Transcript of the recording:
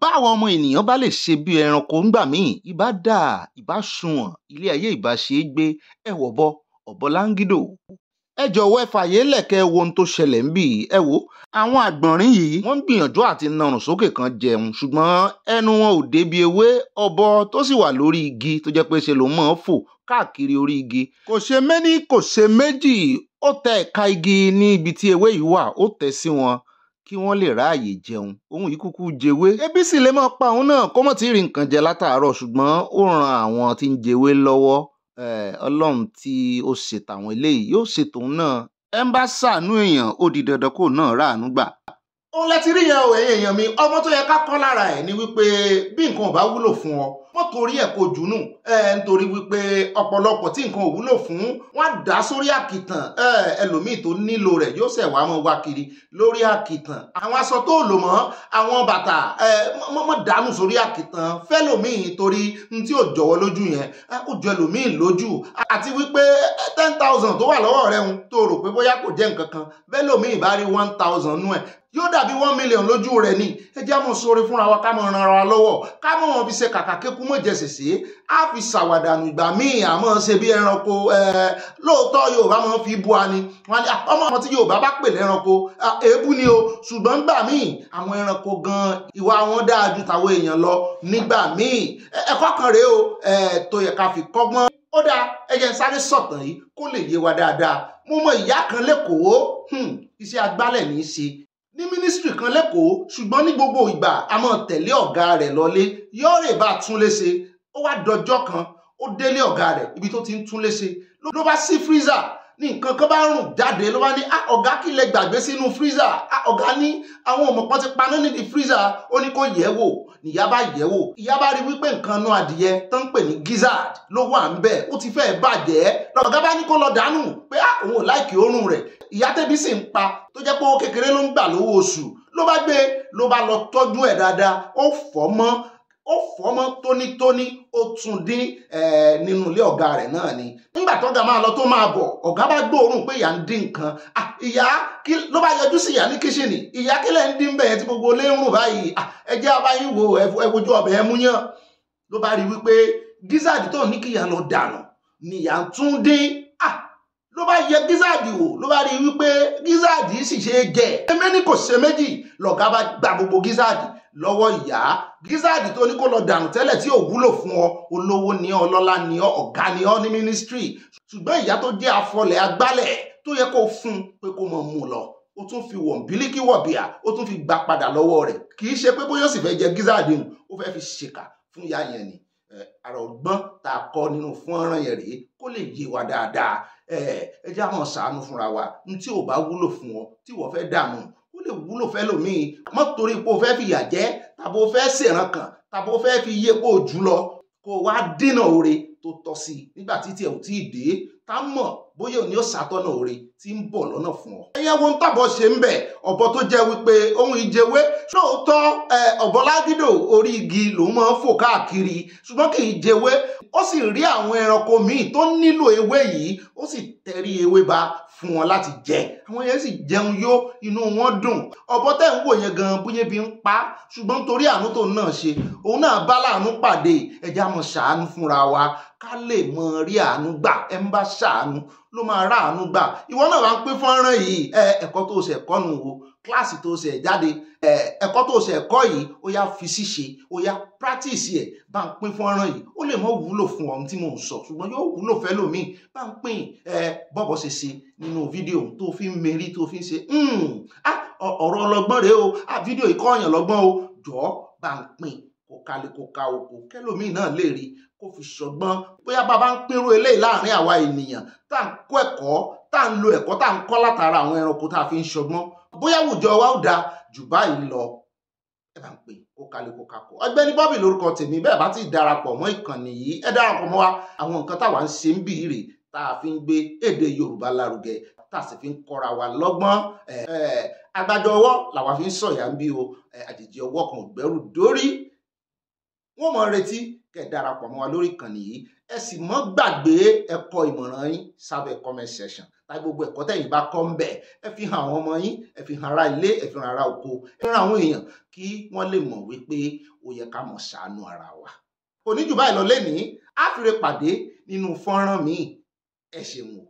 báwọn ọmọ ènìyàn bá lè ṣe bí ẹranko ńgbà míì ìbá dà ìbá sunwọ̀n ilé ayé ìbá ṣe é gbé ẹ wọ̀ bọ ọ̀bọ láńgídò. ẹ jọ̀wọ́ ẹ fàyè lẹ̀kẹ́ wo ohun tó ṣẹlẹ̀ ń bì í ẹ wò àwọn àgbọ̀nrín yìí wọ́n ń gbìyànjú àti narùn sókè kan jẹun ṣùgbọ́n ẹnu wọn ò débi ewé ọ̀bọ tó sì wà lórí igi tó jẹ́ pé ṣe ló mọ̀ ọ́n fò káàkiri orí igi kò ṣe méní kò ṣe méjì ó tẹ ẹ̀ka igi ní ibi tí ewé yìí wà ó tẹ̀ sí wọn kí wọ́n lè ráàyè jẹun òun yìí kúkú jẹwé. ebi sì lè máa pa òun náà kó mọ̀ tí ì rí nǹkan jẹ látàárọ̀ ṣùgbọ́n ó ran àwọn tí ń jẹwé lọ́wọ́ eh, ọlọ́run tí ó ṣètò eléyìí yóò ṣètò náà ẹ ṣàánú èèyàn ó di dandan kó náà ráàánú gbà. òun lẹ ti rí yẹn o èèyàn mi ọmọ tó yẹ ká kọ́ lára ẹ̀ ni wípé bí nǹkan ò bá wúlò fún ọ wọ́n torí ẹ̀ kò jùnú nítorí wípé ọ̀pọ̀lọpọ̀ tí nǹkan ò wúlò fún wọn á dá sórí àkìtàn ẹlòmíì tó nílò rẹ̀ yóò ṣẹ̀ wá mọ́ wá kiri lórí àkìtàn àwọn aṣọ tó lò mọ́ àwọn bàtà mọ́ dànù sórí àkìtàn fẹ́lòmíì torí n tí ò jọ̀wọ́ lójú yẹn ó jọ ẹlòmíì lójú àti wípé ten thousand tó wà lọ́wọ́ rẹ̀ ń tó rò pé bóyá kò jẹ́ nǹkan kan bẹ́lòmíì bá rí one thousand nú ẹ̀ yóò dàbí one million lójú rẹ̀ ni ẹ jẹ́ mọ̀ sórí fúnra wa ká mọ̀ ran ara wa lọ́wọ́ ká mọ̀ wọn fi ṣe kàkà kékun mọ̀ jẹ̀sìsì á fi ṣàwàdànù ìgbà míì àmọ́ ṣe bí ẹranko lóòótọ́ yorùbá máa fi bu ani wọn ni ọmọ ọmọ tí yorùbá bá pè lẹ́ranko èébú ni o ṣùgbọ́n nígbà míì àwọn ẹranko gan ìwà wọn dáa ju tàwọn èèyàn lọ nígbà míì ẹ̀kọ́ kan rèé o tó yẹ ká fi kọ́gbọ́n ó dáa ẹ jẹ́ n sáré sọ̀tàn yìí kó lè yé wa dáadáa mo mọ ìyá kan lẹ́kọ̀ọ́ hmm, iṣẹ́ agbálẹ̀ ní í ṣe ní mínísítírì kan lẹ́kọ̀ọ́ ṣùgbọ́n ní gbogbo ìgbà a máa tẹ̀lé ọ̀gá rẹ̀ lọ́lé yọ́ọ̀rẹ̀ bá tún léṣe ó wá dọjọ́ kan ó délé ọ̀gá rẹ̀ ibi tó ti ń tún léṣe ló bá sí freezer ní nǹkan kan bá rùn jáde ló bá ní a ah, ọ̀gá kí lẹ gbàgbé sínú freezer a ah, ọ̀gá ní àwọn ọmọ kan ti paná nídìí freezer ó ní kó yẹ̀ wò níyà bá yẹ̀ wò ìyá bá rí wípé nǹkan nu adìyẹ tó ń pè ní gizzard ló wà ń bẹ̀ ó ti fẹ́ẹ̀ bàjẹ́ lọ́gá bá ní kó lọ dànù pé a ah, òun ò láìkì òórùn rẹ̀ ìyá tẹ́bí sì ń pa tó jẹ́ pé ó kékeré ló ń gbà lówó oṣù ló bá gbé ló bá lọ tọ́jú ẹ̀ dáadáa ó fọ̀ mọ́ ó fọ́ mọ́ tónítóní ó tún dín eh, nínú ilé ọ̀gá rẹ̀ náà ni nígbà tọ́gà máa lọ tó máa bọ̀ ọ̀gá bá gbóòórùn pé ìyá ń dín nǹkan ìyá ló bá yọjú sí ìyá ní kíṣìnì ìyá kílẹ̀ ń dín bẹ́ẹ̀ tí gbogbo ilé ń rùn báyìí ẹ jẹ́ abáyín wo ẹ wojú ọbẹ̀ ẹ múyàn ló bá rí wípé gízáàdì tó ní kíyà lọ dànù nìyà ń tún dín ló bá yẹ gízáàdì wò ló bá rí wípé gízáàdì sì ṣe é jẹ ẹmẹ́ni kò ṣe méjì lọ̀gá bá gba gbogbo gízáàdì lọ́wọ́ ìyá gízáàdì tó ní kó lọ dànù tẹ́lẹ̀ tí ò wúlò fún ọ olówó ni ọ ọlọ́lá ni ọ ọ̀gá ni ọ ní mínísítírì ṣùgbọ́n ìyá tó jẹ́ afọlẹ̀ agbálẹ̀ tó yẹ kó fún pé kó mọ̀ mú lọ ó tún fi wọ̀n bílíkì wọ̀bìà ó tún fi gbà padà lọ́wọ́ rẹ̀ kì í ṣe pé bóyá sì fẹ́ jẹ gízáàdì hùn ó fẹ́ fi ṣèkà fún ìyá yẹn ni àrà ọgbọ́n tá a kọ nínú fọ́nrán yẹn rèé kó lè yé wa dáadáa ẹ jẹ́ àwọn ṣàánú fúnra wa ní tí ò bá wúlò fún ọ tí wọ́n fẹ́ dààmú lè wúlò fẹ́ lòmíì má torí pé o fẹ́ fi ìyà jẹ tàbí o fẹ́ ṣèràn kan tàbí o fẹ́ fi iye kó o jù lọ kó o wá dènà oore tó tọ́ sí i nígbà tí tiẹ̀ ò tí ì dé tá mọ̀ bóyá òní ó ṣàtọ́nà oore tí ń bọ̀ lọ́nà fún ọ. ẹyẹ wo ń tàbọ̀ ṣe ń bẹ̀ ọ̀bọ tó jẹ́ wípé ohun ìjẹwé ṣóòótọ́ ọ̀bọ ládídò orí igi lòún máa ń fò káàkiri ṣùgbọ́n kì í jẹwé ó sì rí àwọn ẹranko míì tó nílò ewé yìí ó sì tẹ̀rí ewé ba fún wọn láti jẹ àwọn yẹn sì jẹun yó inú wọn dùn ọ̀bọ tẹ́ ń wò yẹn gan bóyá bí ń pa ṣùgbọ́n torí àánú tó náà ṣe òun náà bá láàánú pàdé ẹja mọ ṣàánú fúnra wa ká lè mọ rí àánú gbà ẹ ń bá ṣàánú ló máa ráàánú gbà ìwọ náà wá ń pín fọ́nrán yìí ẹ ẹ̀kọ́ tó ṣe ẹ̀kọ́ nù wo kíláàsì tó ṣe ẹ̀ jáde ẹ̀kọ́ tó ṣe ẹ̀kọ́ yìí ó yá fi ṣíṣe ó yá practice ẹ̀ o ń pín fọ́nrán yìí ó lè mọ́ wúlò fún ọ̀hún tí mò ń sọ ṣùgbọ́n yóò wúlò fẹ́ lòmíì bá ń pín bọ́bọ̀ ṣe ṣe nínú fídíò tó fi ń merí tó fi ń ṣe hmm, ọ̀rọ̀ ọlọ́gbọ́n rèé o fídíò ìkọ́yàn lọ́gbọ́n o jọ̀ọ́ bá ń pín kò kalẹ̀ kò ka òkò kẹlòmíì náà lè rí kó fi ṣọgbọ́n bóyá bá bá ń pínrú eléyìí láàrin àwa ènìyàn tá à ń kọ́ tá à lo ẹ̀kọ́ tá à ń látara àwọn ẹranko tá a fi ń ṣọgbọ́n bóyá àwùjọ wa ó da jù báyìí lọ ẹ bá ń pè kó kalẹ̀ kó kakọ̀ ọ̀gbẹ́ni Bobby lórúkọ tèmi bẹ́ẹ̀ bá ti darapọ̀ mọ́ ìkànnì yìí ẹ darapọ̀ mọ́ wa àwọn nǹkan táwa ń ṣe ń bì rè tá a fi ń gbé èdè Yorùbá lárugẹ tá a sì fi ń kọ́ra wa lọ́gbọ́n agbájọ ọwọ́ làwa fi ń sọ̀yà ń bí o àjèjì ọwọ́ kan ò gbẹ́rù dórí wọ́n mọ̀ retí kẹ́ darapọ̀ mọ́ wa lórí ìkànnì yìí sì mọ́ gbàgbé ẹ̀kọ́ ìmọ̀ràn yín sábẹ́ comment section láì gbogbo ẹ̀kọ́ tẹ̀yìn bá kọ́ ń bẹ̀ ẹ fi hàn àwọn ọmọ yín ẹ fi hàn ara ilé ẹ fi hàn ara oko ẹ fi hàn àwọn èèyàn kí wọ́n lè mọ̀ wípé ó yẹ ká mọ̀ ṣàánú ara wa. kò ní jù báyìí lọ lẹ́nìí á fi re pàdé nínú fọ́nrán míì ẹ ṣeun o.